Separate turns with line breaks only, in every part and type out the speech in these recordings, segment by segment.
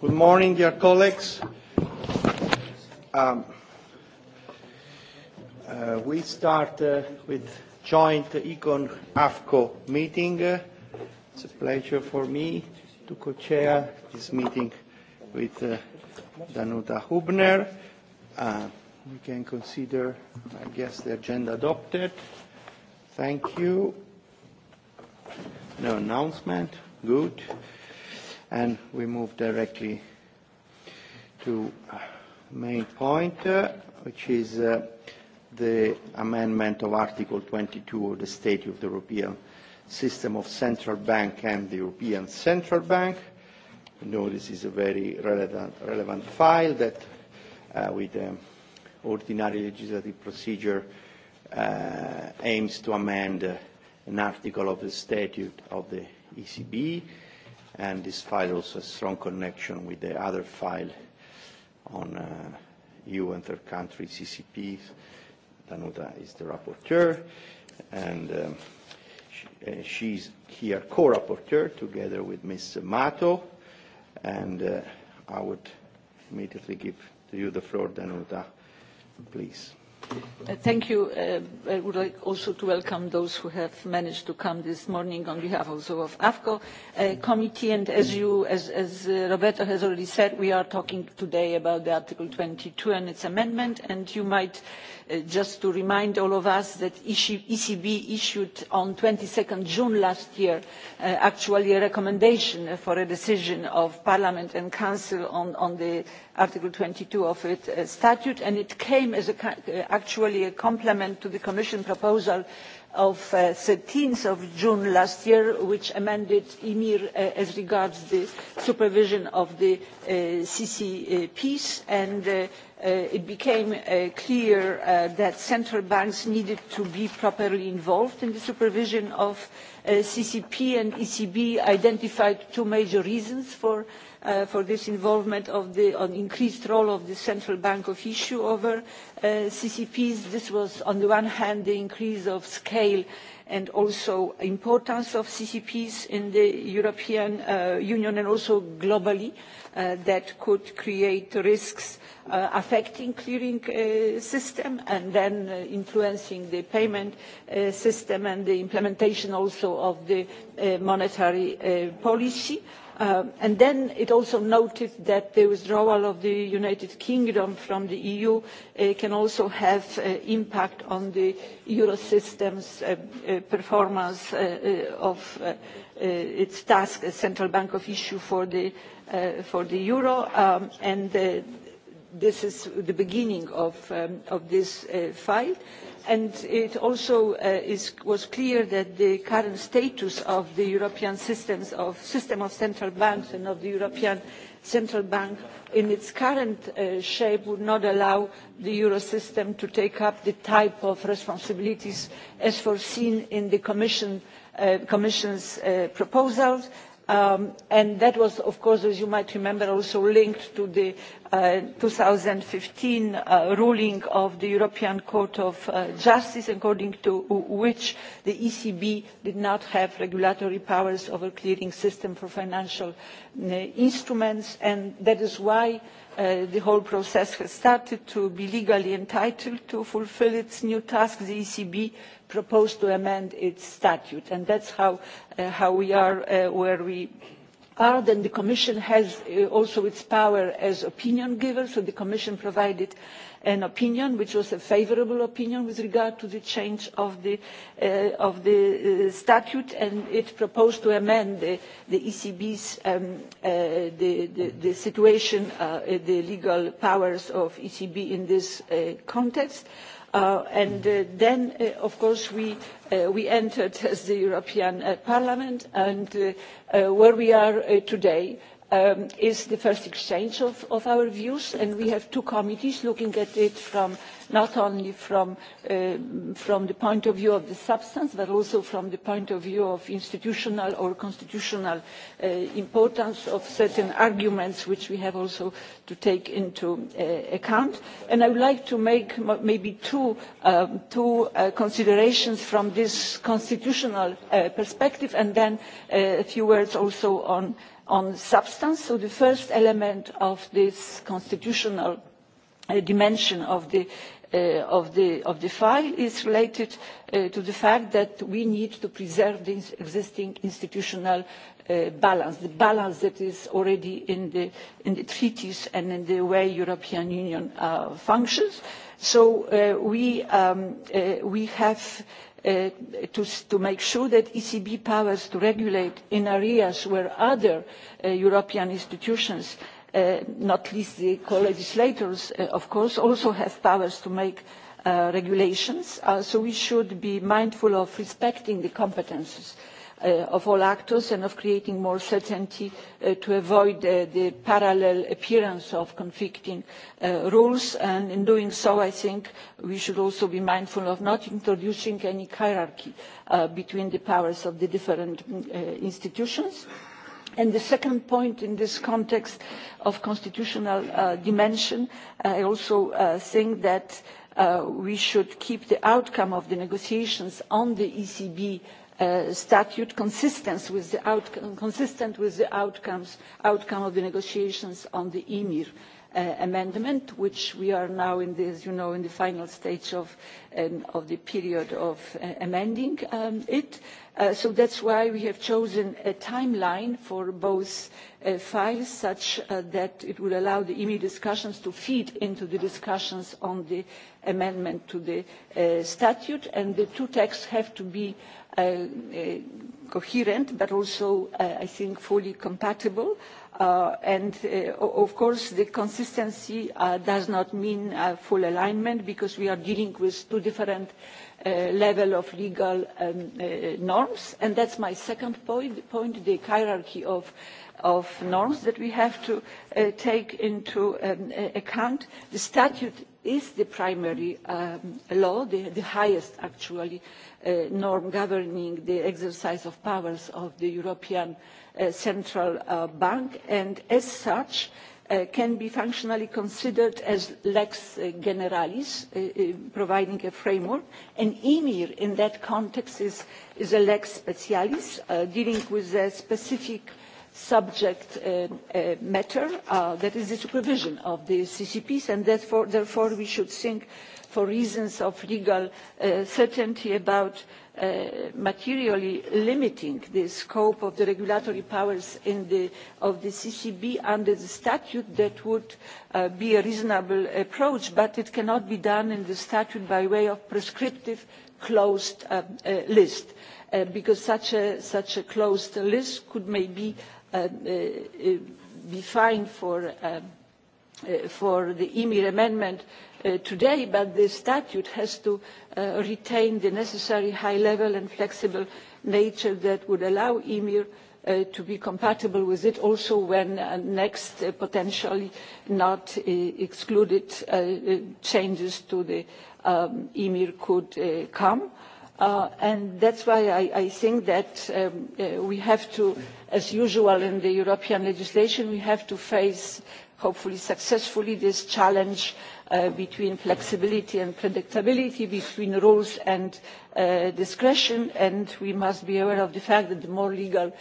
Good morning, dear colleagues. Um, uh, we start uh, with joint Econ AFCO meeting. Uh, it's a pleasure for me to co-chair this meeting with uh, Danuta Hubner. Uh, we can consider, I guess, the agenda adopted. Thank you. No announcement. Good and we move directly to uh, main point, uh, which is uh, the amendment of Article 22 of the State of the European System of Central Bank and the European Central Bank. You know this is a very relevant, relevant file that uh, with the um, ordinary legislative procedure uh, aims to amend uh, an article of the statute of the ECB and this file also has a strong connection with the other file on uh, EU and third country CCPs. Danuta is the rapporteur, and um, she, uh, she's here co-rapporteur together with Ms. Mato, and uh, I would immediately give to you the floor, Danuta, please
thank you. Uh, I would like also to welcome those who have managed to come this morning on behalf also of AFCO uh, committee. And as, you, as, as uh, Roberto has already said, we are talking today about the Article two and its amendment. And you might just to remind all of us that ECB e issued on twenty two June last year actually a recommendation for a decision of Parliament and Council on, on the article twenty two of its uh, statute and it came as a, uh, actually a complement to the commission proposal of uh, thirteen june last year which amended emir as regards the supervision of the ccps and it became clear that central banks needed to be properly involved in the supervision of ccp and the ecb identified two major reasons for this Uh, for this involvement of the increased role of the central bank of issue over uh, ccps. this was on the one hand the increase of scale and also importance of ccps in the european uh, union and also globally that could create risks affecting the clearing system and then influencing the payment system and the implementation also of the monetary policy. Um, and then it also noted that the withdrawal of the united kingdom from the eu uh, can also have an uh, impact on the eurosystem's system's uh, performance of its task as central bank of issue for the, euro um, and and this is the beginning of, um, this uh, file and it also uh, was clear that the current status of the european of, system of central banks and of the european central bank in its current uh, shape would not allow the euro system to take up the type of responsibilities as foreseen in the commission's proposals Um, and that was of course as you might remember also linked to the uh, two thousand and fifteen uh, ruling of the european court of uh, justice according to which the ecb did not have regulatory powers over clearing system for financial uh, instruments and that is why uh, the whole process has started to be legally entitled to fulfil its new task the ecb proposed to amend its statute and that is uh, how, we are uh, where we are then the commission has uh, also its power as opinion giver so the commission provided an opinion which was a favourable opinion with regard to the change of the, statute and it proposed to amend the, the ecb's um, the, the situation the legal powers of the ecb in this context. Uh, and uh, then uh, of course we, uh, we entered as the european uh, parliament and where we are today um, is the first exchange of, of our views and we have two committees looking at it from not only from, uh, from the point of view of the substance but also from the point of view of institutional or constitutional uh, importance of certain arguments which we have also to take into uh, account. And i would like to make maybe two, um, two considerations from this constitutional perspective and then a few words also on on substance so the first element of this constitutional dimension of the Uh, of, the, of the file is related uh, to the fact that we need to preserve the existing institutional uh, balance the balance that is already in the, in the treaties and in the way the european union uh, functions so uh, we, um, uh, we have Uh, to, to make sure that the ecb powers to regulate in areas where other uh, european institutions Uh, not least the co-legislators, uh, of course, also have powers to make uh, regulations. Uh, so we should be mindful of respecting the competences uh, of all actors and of creating more certainty uh, to avoid the parallel appearance of conflicting rules. And in doing so, I think we should also be mindful of not introducing any hierarchy between the powers of the different institutions. And the second point in this context of constitutional uh, dimension, I also uh, think that uh, we should keep the outcome of the negotiations on the ECB Uh, statute consistent with the, outcome, consistent with the outcomes, outcome of the negotiations on the emir. Uh, amendment, which we are now in the, as you know, in the final stage of, um, of the period of uh, amending um, it. Uh, so that's why we have chosen a timeline for both uh, files such uh, that it will allow the imi e discussions to feed into the discussions on the amendment to the uh, statute and the two texts have to be uh, coherent but also i think fully compatible. Uh, and uh, of course the consistency uh, does not mean full alignment because we are dealing with two different levels of legal um, norms and that's my second point, the hierarchy of, norms that we have to take into um, account. the statute is the primary um, law, the, the highest actually uh, norm governing the exercise of powers of the European uh, Central uh, Bank and as such uh, can be functionally considered as lex generalis, uh, uh providing a framework, and EMIR in that context is, is a lex specialis, uh, dealing with a specific uh, subject uh, uh, matter uh, that is the supervision of the ccps and therefore, we should think for reasons of legal certainty about materially limiting the scope of the regulatory powers of the ccb under the statute that would be a reasonable approach but it cannot be done in the statute by way of prescriptive closed list because such a closed list could maybe Um, uh, uh, be fine for, um, uh, for the emir amendment today but the statute has to retain the necessary high level and flexible nature that would allow emir Uh, to be compatible with it also when uh, next uh, potentially not excluded changes to the um, emir could come. And uh, and that's why I, think that um, uh, we have to, as usual in the European legislation, we have to face, hopefully successfully, this challenge uh, between flexibility and predictability, between rules and discretion, and we must be aware of the fact that the more legal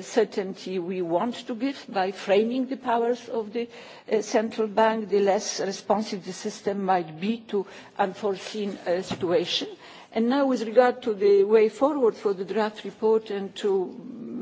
certainty we want to give by framing the powers of the central bank, the less responsive the system might be to unforeseen situations And now with regard to the way forward for the draft report and to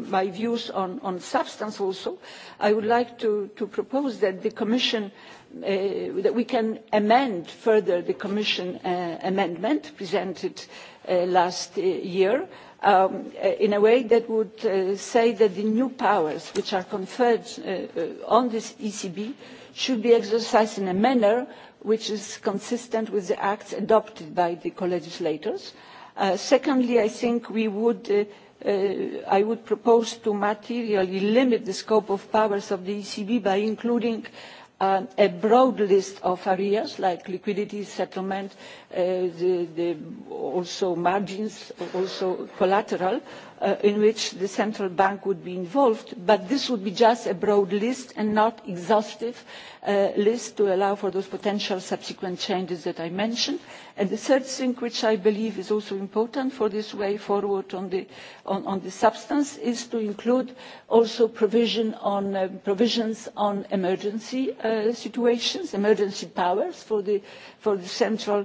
my views on, on substance also, I would like to, to propose that the Commission, uh, that we can amend further the Commission uh, amendment presented uh, last uh, year um, uh, in a way that would uh, say that the new powers which are conferred uh, uh on this ECB should be exercised in a manner which is consistent with the acts adopted by the co legislators. Uh, secondly, I think would, uh, uh, I would propose to materially limit the scope of powers of the ECB by including a broad list of areas like liquidity settlement uh, also margins also collateral Uh, in which the central bank would be involved but this would be just a broad list and not an exhaustive uh, list to allow for those potential subsequent changes that i mentioned. And the third thing which i believe is also important for this way forward on the, substance is to include also uh, provisions on emergency situations emergency powers for the, central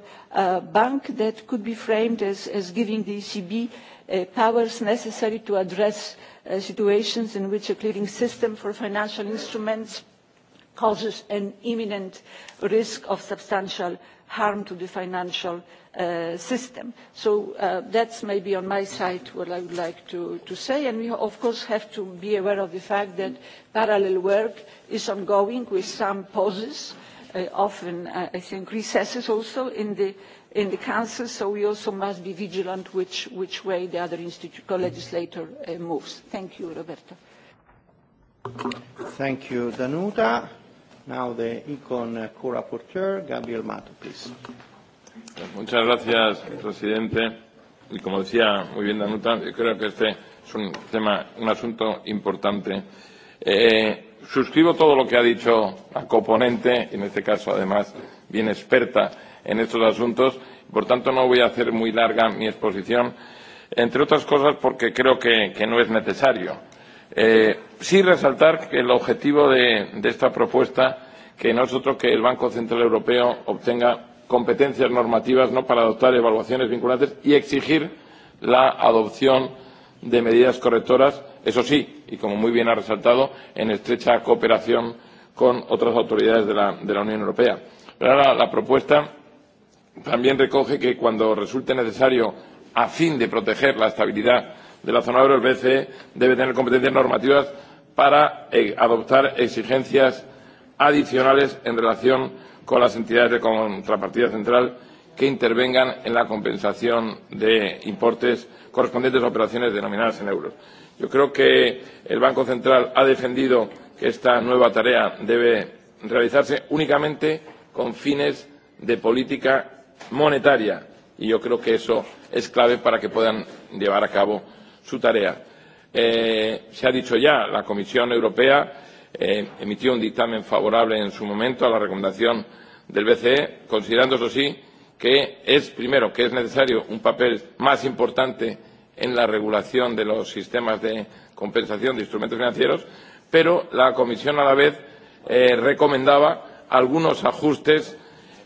bank that could be framed as giving the ecb Uh, powers necessary to address uh, situations in which a clearing system for financial instruments causes an imminent risk of substantial harm to the financial uh, system. So uh, that's maybe on my side what I would like to, to say. And we of course have to be aware of the fact that parallel work is ongoing with some pauses uh, often, uh, I think, recesses also in the, in the Council, so we also must be vigilant which, which way the other co-legislator uh, moves. Thank you, Roberto.
Thank you, Danuta. Now the ECON uh, co-rapporteur, Gabriel Mato, please.
Muchas gracias, presidente. Y como decía muy bien Danuta, yo creo que este es un tema, un asunto importante. Eh, suscribo todo lo que ha dicho la coponente, y en este caso además bien experta en estos asuntos, por tanto no voy a hacer muy larga mi exposición, entre otras cosas porque creo que, que no es necesario. Eh, sí resaltar que el objetivo de, de esta propuesta que no es otro que el Banco Central Europeo obtenga competencias normativas ¿no? para adoptar evaluaciones vinculantes y exigir la adopción de medidas correctoras Eso sí, y como muy bien ha resaltado, en estrecha cooperación con otras autoridades de la, de la Unión Europea. Pero ahora la propuesta también recoge que cuando resulte necesario, a fin de proteger la estabilidad de la zona euro, el BCE debe tener competencias normativas para eh, adoptar exigencias adicionales en relación con las entidades de contrapartida central que intervengan en la compensación de importes correspondientes a operaciones denominadas en euros. Yo creo que el Banco Central ha defendido que esta nueva tarea debe realizarse únicamente con fines de política monetaria y yo creo que eso es clave para que puedan llevar a cabo su tarea. Eh, se ha dicho ya, la Comisión Europea eh, emitió un dictamen favorable en su momento a la recomendación del BCE, considerando, eso sí, que es, primero, que es necesario un papel más importante en la regulación de los sistemas de compensación de instrumentos financieros, pero la Comisión a la vez eh, recomendaba algunos ajustes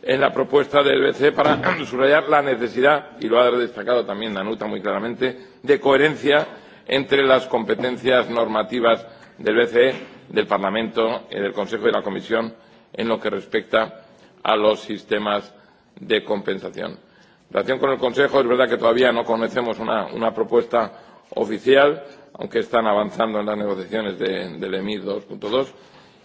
en la propuesta del BCE para subrayar la necesidad, y lo ha destacado también Danuta muy claramente, de coherencia entre las competencias normativas del BCE, del Parlamento, del Consejo y de la Comisión en lo que respecta a los sistemas de compensación En relación con el Consejo, es verdad que todavía no conocemos una, una propuesta oficial, aunque están avanzando en las negociaciones de, del EMIR 2.2,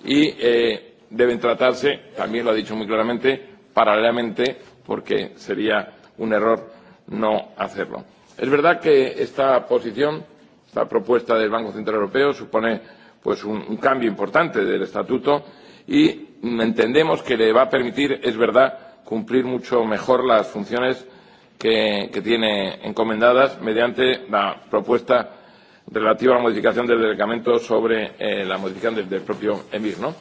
y eh, deben tratarse, también lo ha dicho muy claramente, paralelamente, porque sería un error no hacerlo. Es verdad que esta posición, esta propuesta del Banco Central Europeo, supone pues, un, un cambio importante del estatuto y entendemos que le va a permitir, es verdad, cumplir mucho mejor las funciones que, que tiene encomendadas mediante la propuesta relativa a la modificación del reglamento sobre eh, la modificación del, del propio EMIR. ¿no?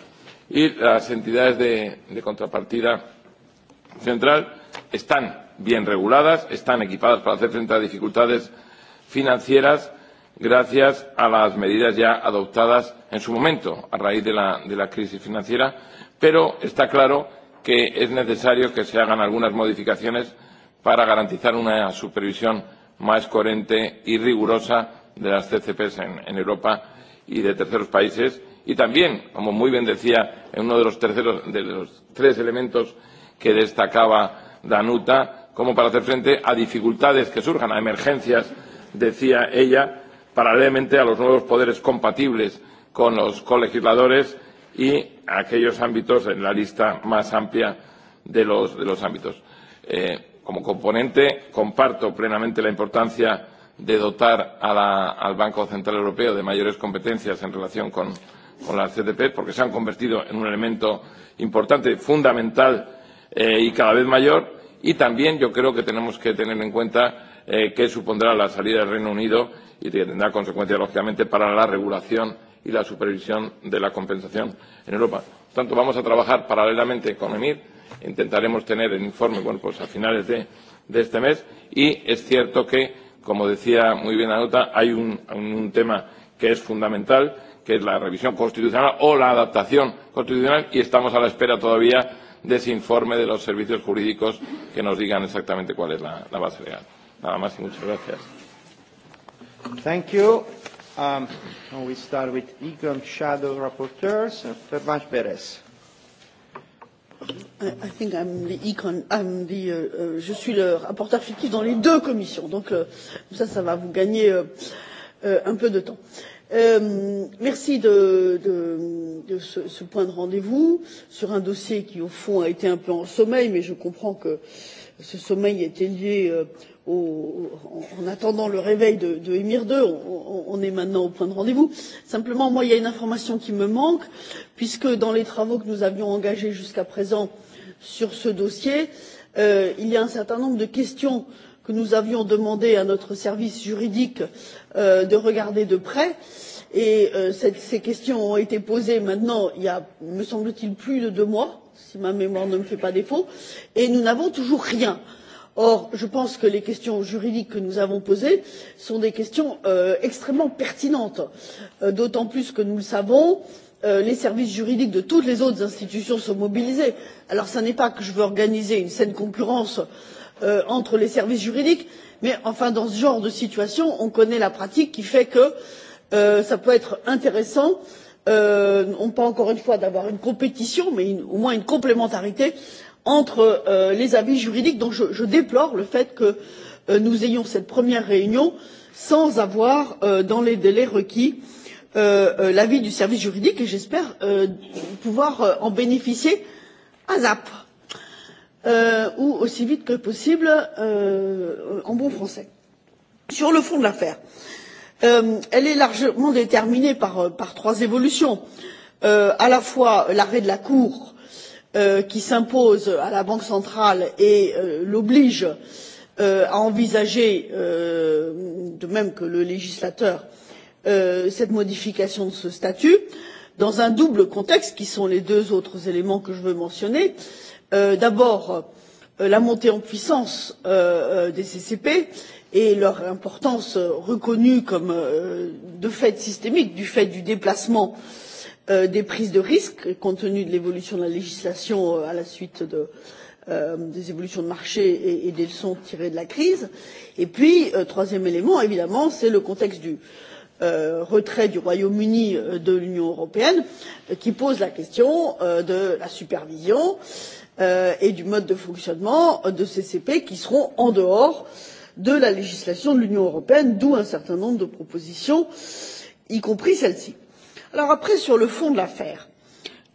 Y las entidades de, de contrapartida central están bien reguladas, están equipadas para hacer frente a dificultades financieras gracias a las medidas ya adoptadas en su momento a raíz de la, de la crisis financiera, pero está claro que es necesario que se hagan algunas modificaciones para garantizar una supervisión más coherente y rigurosa de las CCPs en, en Europa y de terceros países. Y también, como muy bien decía, en uno de los, terceros, de los tres elementos que destacaba Danuta, como para hacer frente a dificultades que surjan, a emergencias, decía ella, paralelamente a los nuevos poderes compatibles con los colegisladores y a aquellos ámbitos en la lista más amplia de los, de los ámbitos. Eh, Como componente, comparto plenamente la importancia de dotar a la, al Banco Central Europeo de mayores competencias en relación con, con las CTP, porque se han convertido en un elemento importante, fundamental eh, y cada vez mayor. Y también yo creo que tenemos que tener en cuenta eh, qué supondrá la salida del Reino Unido y que tendrá consecuencias, lógicamente, para la regulación y la supervisión de la compensación en Europa. Por tanto, vamos a trabajar paralelamente con EMIR Intentaremos tener el informe bueno, pues a finales de, de este mes y es cierto que, como decía muy bien la nota, hay un, un tema que es fundamental, que es la revisión constitucional o la adaptación constitucional y estamos a la espera todavía de ese informe de los servicios jurídicos que nos digan exactamente cuál es la, la base legal. Nada más y muchas gracias.
Thank you. Um, we start with Econ Shadow Rapporteurs, Fermanch Pérez.
I think I'm the econ, I'm the, euh, je suis le rapporteur fictif dans les deux commissions, donc euh, ça, ça va vous gagner euh, euh, un peu de temps. Euh, merci de, de, de ce, ce point de rendez-vous sur un dossier qui, au fond, a été un peu en sommeil, mais je comprends que ce sommeil était lié euh, au, en, attendant le réveil de, de Emir II. On, on est maintenant au point de rendez-vous. Simplement, moi, il y a une information qui me manque, puisque dans les travaux que nous avions engagés jusqu'à présent, euh, sur ce dossier. Euh, il y a un certain nombre de questions que nous avions demandé à notre service juridique euh, de regarder de près et euh, ces questions ont été posées maintenant il y a me semble t il plus de deux mois si ma mémoire ne me fait pas défaut et nous n'avons toujours rien. or je pense que les questions juridiques que nous avons posées sont des questions extrêmement pertinentes d'autant plus que nous le savons Euh, les services juridiques de toutes les autres institutions sont mobilisés. alors ce n'est pas que je veux organiser une saine concurrence euh, entre les services juridiques mais enfin dans ce genre de situation on connaît la pratique qui fait que euh, ça peut être intéressant euh, non pas encore une fois d'avoir une compétition mais une, au moins une complémentarité entre euh, les avis juridiques. donc je, je déplore le fait que euh, nous ayons cette première réunion sans avoir dans les délais requis Euh, euh, l'avis du service juridique et j'espère euh, pouvoir en bénéficier asap ou aussi vite que possible en bon français. sur le fond de l'affaire elle est largement déterminée par, par trois évolutions à la fois l'arrêt de la cour qui s'impose à la banque centrale et l'oblige à envisager de même que le législateur Euh, cette modification de ce statut dans un double contexte qui sont les deux autres éléments que je veux mentionner euh, d'abord euh, la montée en puissance des ccp et leur importance reconnue comme de fait systémique du fait du déplacement des prises de risques compte tenu de l'évolution de la législation à la suite de des évolutions de marché et des leçons tirées de la crise. et puis troisième élément évidemment c'est le contexte du Euh, retrait du royaume uni euh, de l'union européenne euh, qui pose la question de la supervision et du mode de fonctionnement de ces cp qui seront en dehors de la législation de l'union européenne d'où un certain nombre de propositions y compris celle ci. après, sur le fond de l'affaire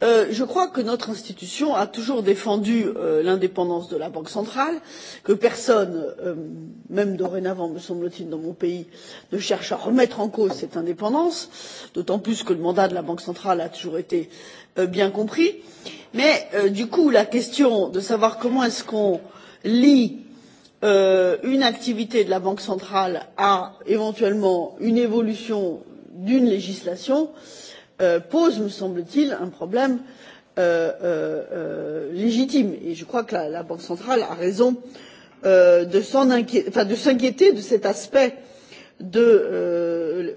Euh, je crois que notre institution a toujours défendu euh, l'indépendance de la banque centrale que personne euh, même dorénavant me semble t il dans mon pays ne cherche à remettre en cause cette indépendance d'autant plus que le mandat de la banque centrale a toujours été bien compris mais du coup la question de savoir comment est ce qu'on lie une activité de la banque centrale à éventuellement une évolution d'une législation est Euh, pose me semble t il un problème euh, euh, légitime et je crois que la, banque centrale a raison de s'inquiéter de, cet aspect de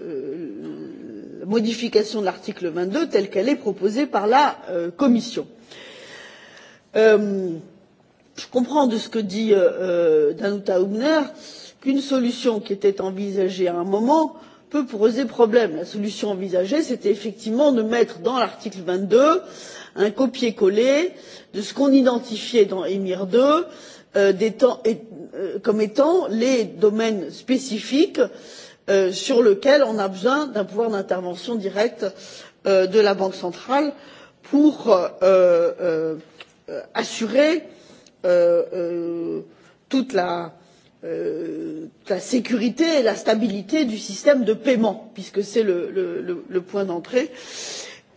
la modification de l'article vingt deux telle qu'elle est proposée par la commission. je comprends de ce que dit danuta hübner qu'une solution qui était envisagée à un moment peut poser problème. la solution envisagée c'était effectivement de mettre dans l'article vingt deux un copier coller de ce qu'on identifiait dans emir ii euh, euh, comme étant les domaines spécifiques euh, sur lesquels on a besoin d'un pouvoir d'intervention directe de la banque centrale pour assurer toute la Euh, la sécurité et la stabilité du système de paiement puisque c'est le, point d'entrée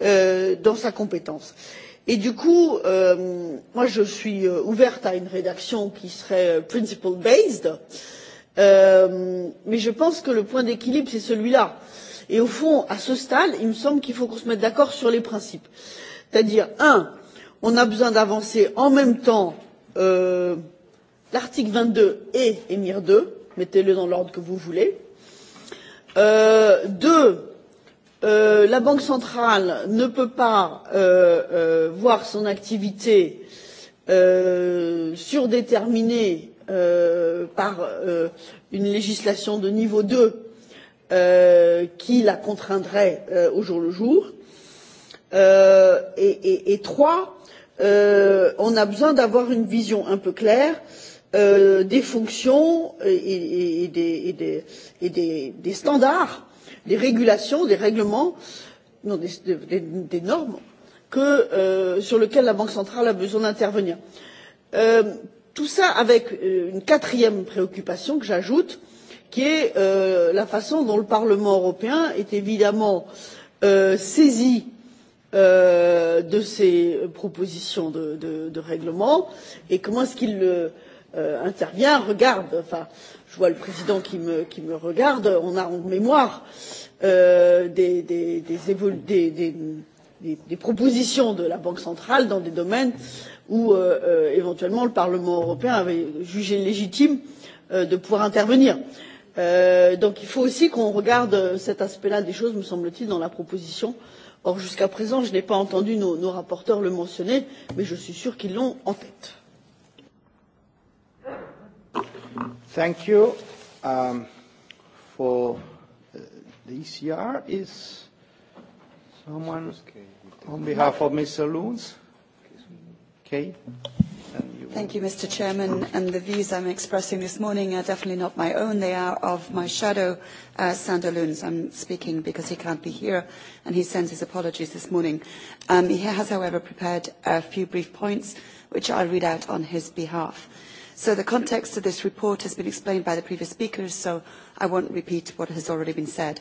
euh, dans sa compétence. Et du coup euh, moi je suis ouverte à une rédaction qui serait principle based mais je pense que le point d'équilibre c'est celui là et au fond à ce stade il me semble qu'il faut qu'on se mette d'accord sur les principes c'est à dire un on a besoin d'avancer en même temps euh, l'article vingt deux et emir deux mettez le dans l'ordre que vous voulez euh, deux euh, la banque centrale ne peut pas euh, euh voir son activité euh, surdéterminée euh, par une législation de niveau deux qui la contraindrait au jour le jour et, et, et trois on a besoin d'avoir une vision un peu claire euh, Euh, des fonctions et, et, et, des, et, des, et des, des standards, des régulations, des règlements, non, des, des, des normes que, euh, sur lesquelles la Banque centrale a besoin d'intervenir. Euh, tout ça avec euh, une quatrième préoccupation que j'ajoute, qui est euh, la façon dont le Parlement européen est évidemment euh, saisi euh, de ces propositions de, de, de règlement et comment est-ce qu'il euh, euh, intervient regarde enfin je vois le président qui me, qui me regarde on a en mémoire euh, des, des, des, évolu des, des, des, des propositions de la banque centrale dans des domaines où euh, euh, éventuellement le parlement européen avait jugé légitime euh, de pouvoir intervenir. Euh, donc il faut aussi qu'on regarde cet aspect là des choses me semble t il dans la proposition. or jusqu'à présent je n'ai pas entendu nos, nos rapporteurs le mentionner mais je suis sûr qu'ils l'ont en tête. Thank you. Um, for
uh, the ECR is someone on behalf of Mr. Loons. Okay.
Thank you, Mr. Chairman. And the views I'm expressing this morning are definitely not my own. They are of my shadow, uh, Sander Loons. I'm speaking because he can't be here, and he sends his apologies this morning. Um, he has, however, prepared a few brief points, which I'll read out on his behalf. So the context of this report has been explained by the previous speakers, so I won't repeat what has already been said.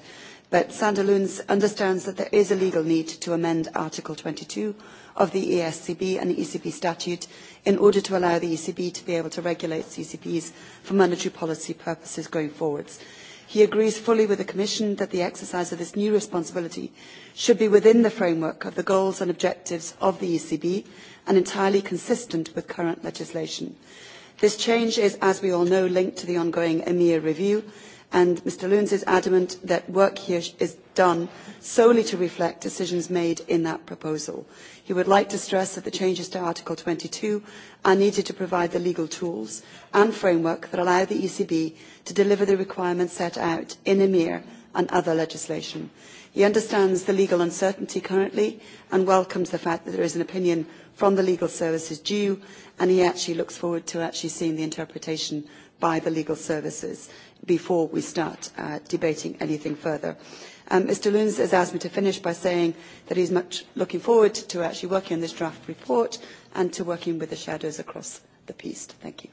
But Sanderloons understands that there is a legal need to amend Article 22 of the ESCB and the ECB statute in order to allow the ECB to be able to regulate CCPs for monetary policy purposes going forwards. He agrees fully with the Commission that the exercise of this new responsibility should be within the framework of the goals and objectives of the ECB and entirely consistent with current legislation. This change is, as we all know, linked to the ongoing EMEA review, and Mr. Loons is adamant that work here is done solely to reflect decisions made in that proposal. He would like to stress that the changes to Article twenty two are needed to provide the legal tools and framework that allow the ECB to deliver the requirements set out in EMIR e and other legislation. He understands the legal uncertainty currently and welcomes the fact that there is an opinion from the legal services due and he actually looks forward to actually seeing the interpretation by the legal services before we start uh, debating anything further. Um, Mr. Loons has asked me to finish by saying that he's much looking forward to actually working on this draft report and to working with the shadows across the piece. Thank you.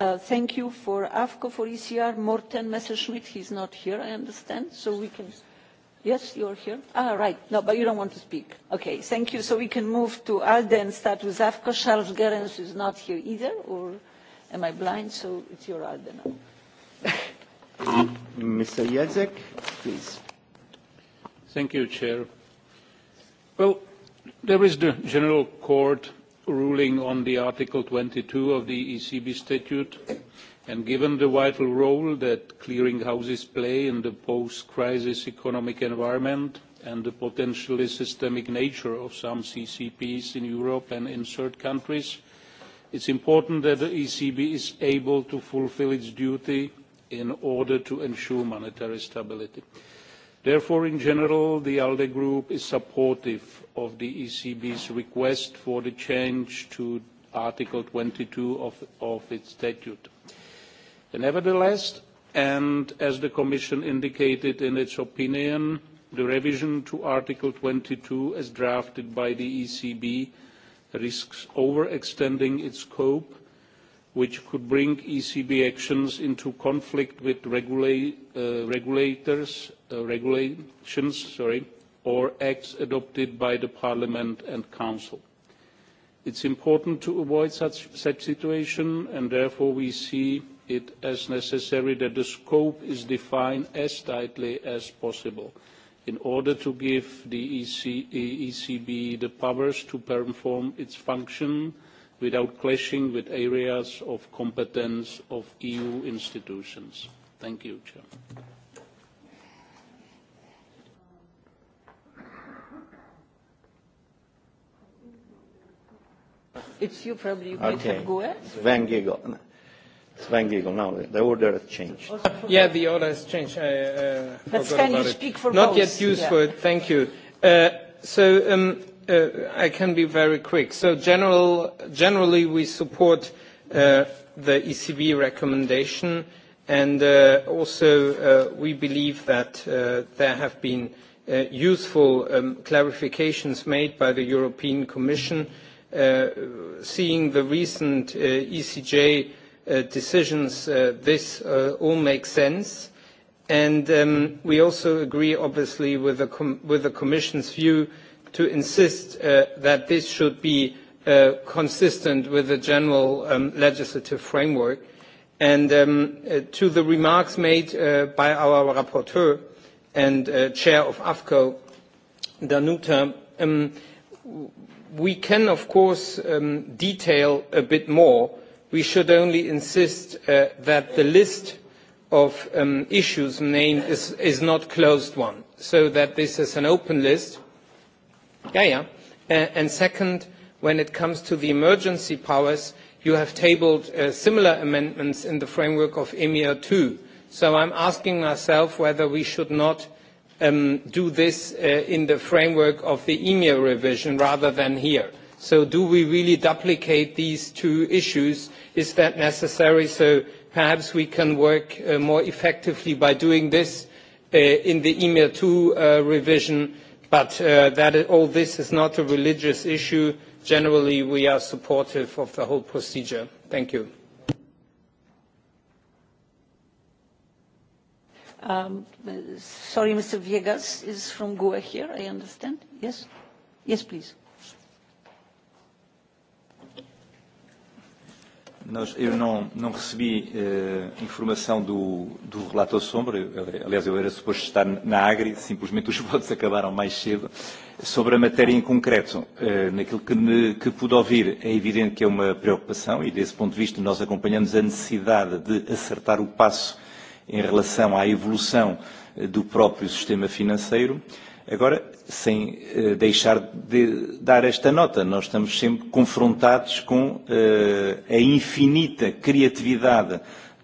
Uh, thank you for AFCO, for ECR. Morten Messerschmidt, he's not here, I understand, so we can Yes, you're here. Ah, right. No, but you don't want to speak. Okay, thank you. So we can move to ALDE and start with AFCO. Charles Gerens is not here either, or am I blind? So it's your ALDE now.
Mr. Jacek, please. Thank you, Chair. Well, there is the General Court ruling on the Article 22 of the ECB statute and given the vital role that clearing houses play in the post-crisis economic environment and the potentially systemic nature of some CCPs in Europe and in third countries, it is important that the ECB is able to fulfil its duty in order to ensure monetary stability. Therefore, in general, the ALDE Group is supportive of the ECB's request for the change to Article twenty two of, of its statute. Nevertheless, and as the Commission indicated in its opinion, the revision to Article twenty two, as drafted by the ECB risks overextending its scope, which could bring ECB actions into conflict with uh, regulators, uh, regulations or acts adopted by the Parliament and Council. It is important to avoid such, a situation, and therefore we see it as necessary that the scope is defined as tightly as possible in order to give the ECB e e the powers to perform its function without clashing with areas of competence of EU institutions. Thank you, Chair.
It's you probably. Okay.
Sven Giegel now. The order has changed. Yeah, the order has changed. I, uh, but uh, Sven, you speak for Not both. yet used yeah. for it. Thank you. Uh, so um, uh, I can be very quick. So general, generally, we support uh, the ECB recommendation, and uh, also uh, we believe that uh, there have been uh, useful um, clarifications made by the European Commission. Uh, seeing the recent uh, ECJ Uh, decisions, uh, this uh, all makes sense. And um, we also agree, obviously, with the, com with the Commission's view to insist uh, that this should be uh, consistent with the general um, legislative framework. And um, uh, to the remarks made uh, by our rapporteur and uh, chair of AFCO, Danuta, um, we can, of course, um, detail a bit more we should only insist uh, that the list of um, issues named is, is not closed one, so that this is an open list. Yeah, yeah. Uh, and second, when it comes to the emergency powers, you have tabled uh, similar amendments in the framework of EMIR 2. So I'm asking myself whether we should not um, do this uh, in the framework of the EMIR revision rather than here so do we really duplicate these two issues? Is that necessary? So perhaps we can work uh, more effectively by doing this uh, in the EMIR 2 uh, revision, but uh, that all this is not a religious issue. Generally, we are supportive of the whole procedure. Thank you.
Um, sorry, Mr. Viegas is from GUE here, I understand. Yes? Yes, please.
Nós, eu não, não recebi uh, informação do, do relator sombra, aliás, eu era suposto estar na Agri, simplesmente os votos acabaram mais cedo. Sobre a matéria em concreto, uh, naquilo que, me, que pude ouvir, é evidente que é uma preocupação e, desse ponto de vista, nós acompanhamos a necessidade de acertar o passo em relação à evolução eh, do próprio sistema financeiro. Agora, sem eh, deixar de dar esta nota. Nós estamos sempre confrontados com eh, a infinita criatividade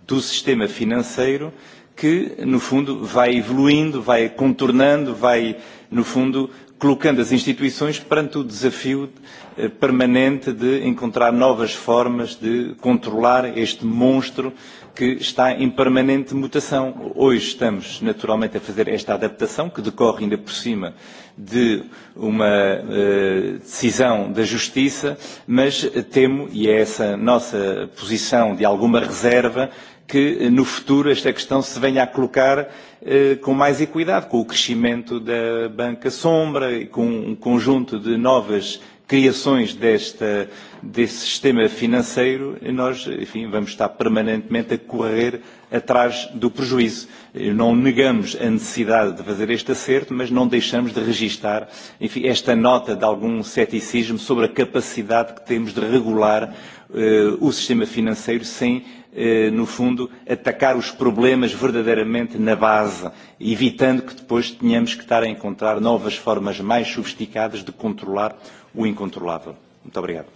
do sistema financeiro que, no fundo, vai evoluindo, vai contornando, vai, no fundo, colocando as instituições perante o desafio eh, permanente de encontrar novas formas de controlar este monstro que está em permanente mutação. Hoje estamos naturalmente a fazer esta adaptação, que decorre ainda por cima de uma eh, decisão da Justiça, mas temo, e é essa nossa posição de alguma reserva, que eh, no futuro esta questão se venha a colocar eh, com mais equidade, com o crescimento da banca sombra e com um conjunto de novas criações desta, desse sistema financeiro, e nós, enfim, vamos estar permanentemente a correr atrás do prejuízo. E não negamos a necessidade de fazer este acerto, mas não deixamos de registar, enfim, esta nota de algum ceticismo sobre a capacidade que temos de regular uh, o sistema financeiro sem Eh, no fundo, atacar os problemas verdadeiramente na base, evitando que depois tenhamos que estar a encontrar novas formas mais sofisticadas de controlar o incontrolável. Muito obrigado.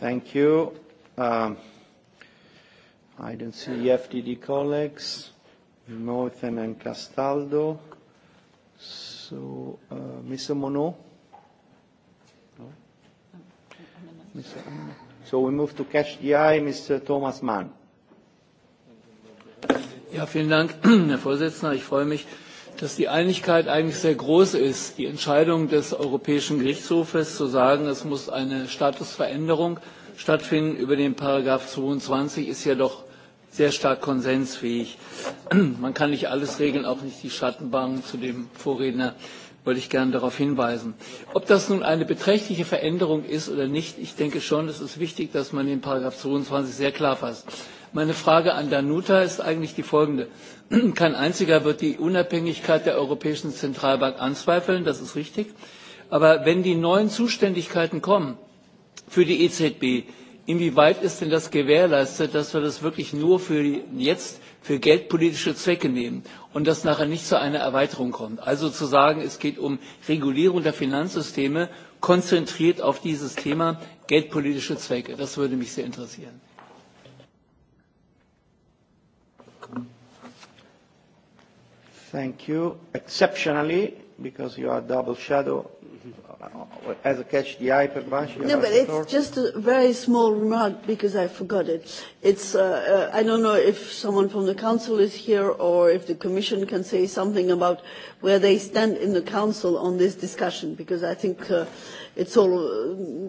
Thank you. Uh, I don't see the FDD colleagues, Northern and Castaldo. So, uh, Mr. Monod? No? Mr. Monod. So we move to catch the eye,
Mr. Thomas Mann. Ja, vielen Dank, Herr Vorsitzender. Ich freue mich, dass die Einigkeit eigentlich sehr groß ist. Die Entscheidung des Europäischen Gerichtshofes zu sagen, es muss eine Statusveränderung stattfinden über den Paragraph 22 ist ja doch sehr stark konsensfähig. Man kann nicht alles regeln, auch nicht die Schattenbanken zu dem Vorredner wollte ich gerne darauf hinweisen. Ob das nun eine beträchtliche Veränderung ist oder nicht, ich denke schon, es ist wichtig, dass man den Paragraph 22 sehr klar fasst. Meine Frage an Danuta ist eigentlich die folgende. Kein einziger wird die Unabhängigkeit der Europäischen Zentralbank anzweifeln, das ist richtig. Aber wenn die neuen Zuständigkeiten kommen für die EZB, inwieweit ist denn das gewährleistet, dass wir das wirklich nur für jetzt für geldpolitische Zwecke nehmen und das nachher nicht zu einer Erweiterung kommt. Also zu sagen, es geht um Regulierung der Finanzsysteme, konzentriert auf dieses Thema geldpolitische Zwecke. Das würde mich sehr interessieren.
Thank you. Exceptionally, because you are double shadow, as a catch the eye, Pervanche? No, but it's store?
just a very small remark because I forgot it. It's, uh, uh, I don't know if someone from the Council is here or if the Commission can say something about where they stand in the Council on this discussion because I think uh, it's all uh,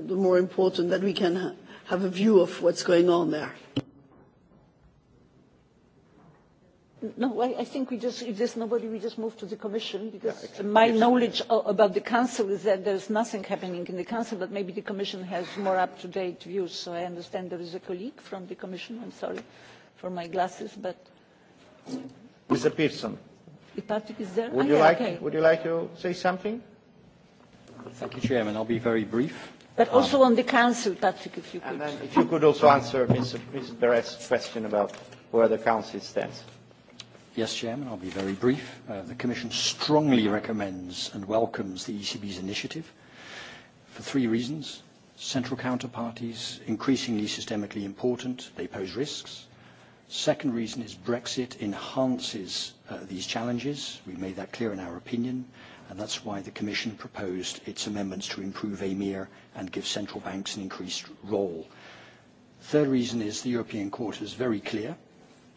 the more important that we can ha have a view of what's going on there.
No, I, I think we just, if there's nobody, we just move to the Commission because yeah, my knowledge about the Council is that there's nothing happening in the Council, but maybe the Commission has more up-to-date views. So I understand there is a colleague from the Commission. I'm sorry for my glasses, but...
Mr. Pearson.
If Patrick is there? Would, ah, you, yeah, like, okay.
would you like to say something? Thank you, Chairman. I'll be very brief.
But um, also on the Council, Patrick, if you could. And then if you could also answer
Mr. Perez's question about where the Council stands. Yes, Chairman, I'll be
very brief. Uh, the Commission strongly recommends and welcomes the ECB's initiative for three reasons. Central counterparties, increasingly systemically important, they pose risks. Second reason is Brexit enhances uh, these challenges. We made that clear in our opinion, and that's why the Commission proposed its amendments to improve EMIR and give central banks an increased role. Third reason is the European Court is very clear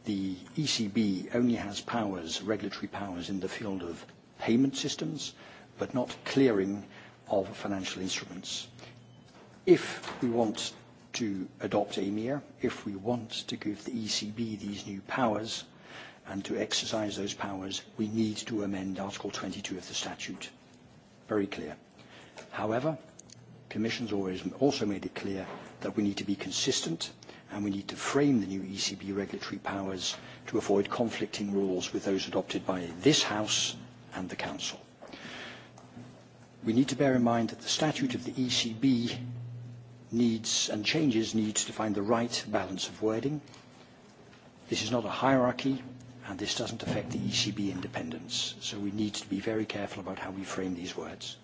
the ECB only has powers, regulatory powers, in the field of payment systems, but not clearing of financial instruments. If we want to adopt EMIR, if we want to give the ECB these new powers and to exercise those powers, we need to amend Article 22 of the statute. Very clear. However, Commission's always also made it clear that we need to be consistent and we need to frame the new ECB regulatory powers to avoid conflicting rules with those adopted by this House and the Council. We need to bear in mind that the statute of the ECB needs and changes needs to find the right balance of wording. This is not a hierarchy and this doesn't affect the ECB independence. So we need to be very careful about how we frame these words.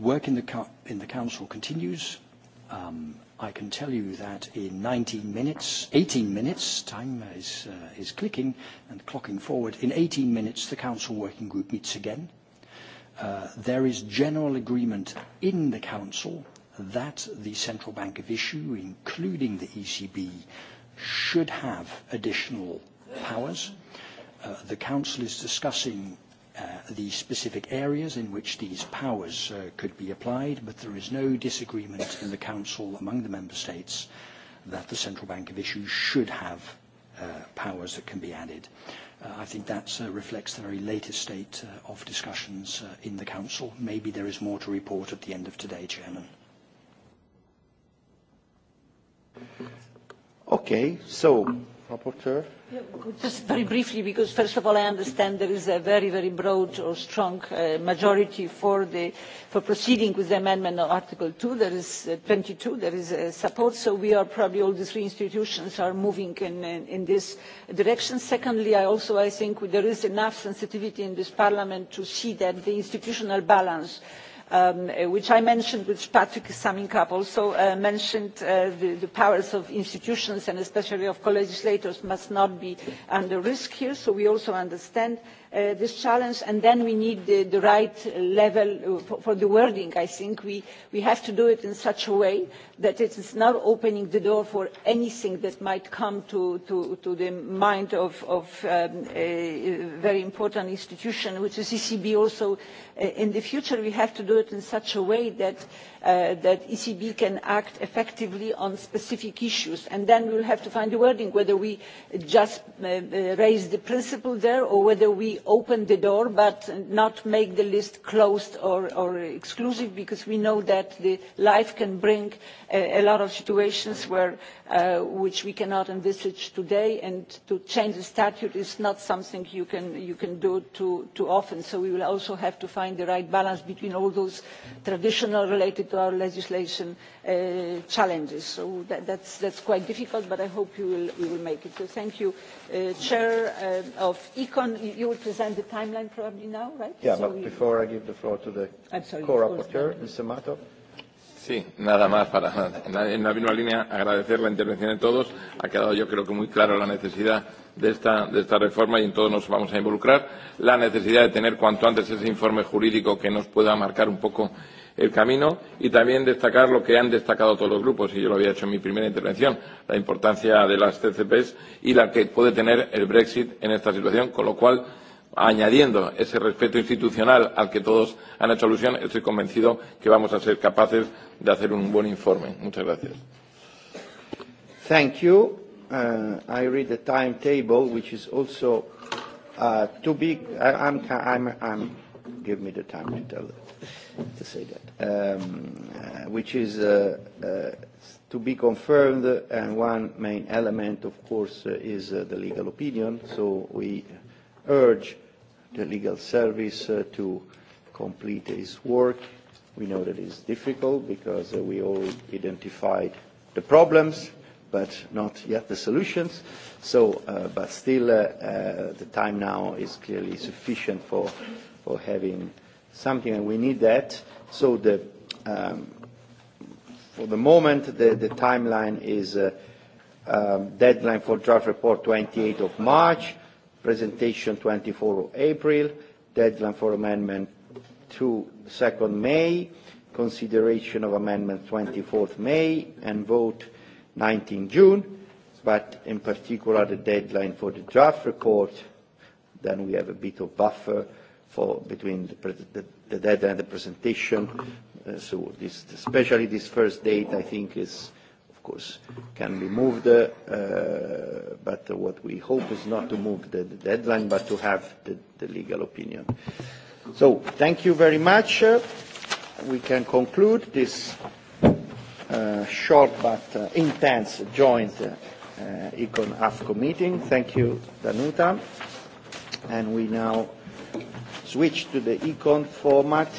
Work in the, in the Council continues. Um, i can tell you that in 19 minutes, 18 minutes, time uh, is, uh, is clicking and clocking forward. In 18 minutes, the Council Working Group meets again. Uh, there is general agreement in the Council that the Central Bank of Issue, including the ECB, should have additional powers. Uh, the Council is discussing Uh, the specific areas in which these powers uh, could be applied, but there is no disagreement in the Council among the Member States that the Central Bank of Issues should have uh, powers that can be added. Uh, I think that uh, reflects the very latest state uh, of discussions uh, in the Council. Maybe there is more to report at the end of today, Chairman.
Okay, so Rapporteur?
Yeah, just very briefly, because first of all, I understand there is a very, very broad or strong uh, majority for, the, for proceeding with the amendment of Article 2. There is uh, 22, there is uh, support, so we are probably all the three institutions are moving in, in, in this direction. Secondly, I also I think there is enough sensitivity in this Parliament to see that the institutional balance um, uh, which i mentioned which Patrick summing up also uh, mentioned uh, the, the powers of institutions and especially of co legislators must not be under risk here so we also understand this challenge and then we need the, the right level for, for the wording i think we, we have to do it in such a way that it is not opening the door for anything that might come to, to, the mind of, um, a very important institution which is the ecb also in the future we have to do do it in such a way that Uh, that the ecb can act effectively on specific issues and then we will have to find the wording whether we just uh, uh, raise the principle there or whether we open the door but not make the list closed or, exclusive because we know that life can bring a, lot of situations which we cannot envisage today and to change the statute is not something you can, do too often so we will also have to find the right balance between all those traditional related to our legislation uh, challenges. So that, that's, that's quite difficult, but I hope you will, you will make it. So thank you, uh, Chair uh, of Econ. You will present the timeline probably now, right? Yeah, so but
before I give the floor to the co-rapporteur,
Mr. Mato. Sí, nada más para en la misma línea agradecer la intervención de todos. Ha quedado yo creo que muy claro la necesidad de esta, de esta reforma y en todo nos vamos a involucrar. La necesidad de tener cuanto antes ese informe jurídico que nos pueda marcar un poco el camino y también destacar lo que han destacado todos los grupos, y yo lo había hecho en mi primera intervención, la importancia de las CCPs y la que puede tener el Brexit en esta situación, con lo cual, añadiendo ese respeto institucional al que todos han hecho alusión, estoy convencido que vamos a ser capaces de hacer un buen informe. Muchas gracias.
Thank you. Uh, I read the timetable, which is also uh, too big. I, uh, I'm, I'm, I'm, give me the time to tell it, to say that um, uh, which is uh, uh, to be confirmed, and one main element, of course, uh, is uh, the legal opinion. So we urge the legal service uh, to complete its work. We know that it's difficult because uh, we all identified the problems, but not yet the solutions. So, uh, but still, uh, uh, the time now is clearly sufficient for, for having something and we need that. So the, um, for the moment, the, the timeline is uh, um, deadline for draft report 28th of March, presentation 24th of April, deadline for amendment to 2nd May, consideration of amendment 24th May, and vote 19 June, but in particular the deadline for the draft report, then we have a bit of buffer for between the, pre the, the data and the presentation. Uh, so this, especially this first date, I think, is of course can be moved. Uh, but what we hope is not to move the, the deadline, but to have the, the legal opinion. So thank you very much. Uh, we can conclude this uh, short but uh, intense joint. Uh, uh, Econ AFCO meeting. Thank you, Danuta. And we now switch to the econ format.